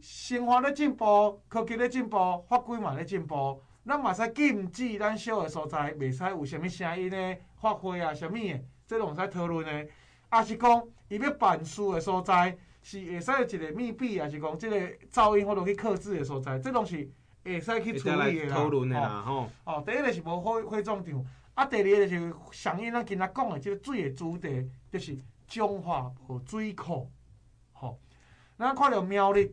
生活咧進步，科技咧進步，法規嘛咧進步，咱嘛使禁止咱小個所在，袂使有啥物聲音咧發揮啊，啥物嘅，即攏會使討論嘅。啊是講，伊要辦事嘅所在，是會使有一個密閉，啊是講，即個噪音我著去克制嘅所在，即攏是會使去處理嘅啦。討論咧啦，吼。哦，第一個是無火火葬場，啊，第二個、就是相應咱今仔講嘅即個水的主題，就是彰化和水庫，吼、哦，咱看到苗栗。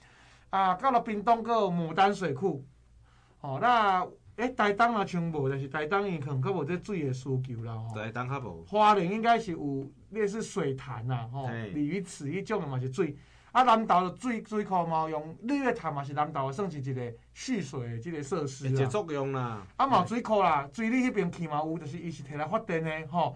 啊，到了屏東，擱有牡丹水庫，吼、哦，那誒，台東若全部就是台東，伊可能擱無這水嘅需求啦，吼。台東較無。花蓮應該是有類似水潭啦、啊，吼、哦，鯉對魚池迄種嘅嘛是水。啊，南投的水水庫嘛有用日月潭嘛是南投，也算是一個蓄水的即個設施啊。一個作用啦。啊，嘛有對水庫啦，水利迄邊起碼有，就是伊是摕來發電的吼。哦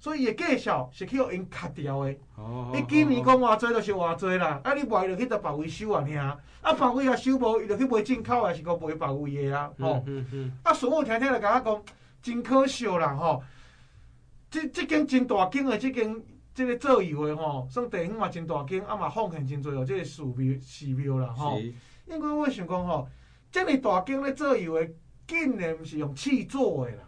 所以伊嘅介紹是去互因卡掉嘅，伊、oh、今年講偌儕，就是偌儕啦。Oh oh. 啊，你賣伊就去、啊、到別位收啊，爾啊，別位啊收無，伊就去買進口，還是閣賣別位嘅啊。吼。啊，所以我聽聽就甲我講，真可笑啦，吼。即即間真大間誒，即間即個做油嘅吼，算地方嘛真大間，啊嘛奉獻真儕哦，即個寺廟、寺廟、哦、啦，吼、哦。是因為我想講吼，這麼大間咧做油嘅，竟然毋是用砌做誒啦。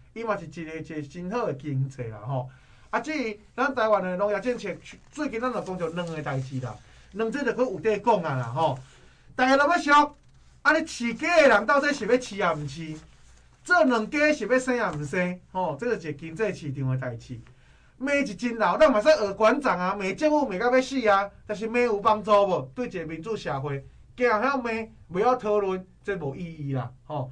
伊嘛是一個一個真好嘅經濟啦吼、哦，啊即個咱台灣嘅農業政策，最近咱就講着兩個代志啦，兩者着擱有地講、哦、啊啦吼。逐個要不要笑？你飼雞嘅人到底是要飼也毋飼，做兩雞是要生也毋生，吼、哦，這個是一個經濟市場嘅代志。罵是真鬧，咱嘛說學館長啊，罵政府罵甲要死啊，但是罵有幫助無？對一個民主社會，今日罵袂曉討論，這無意義啦，吼、哦。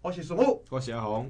我是蘇浩，我是阿紅。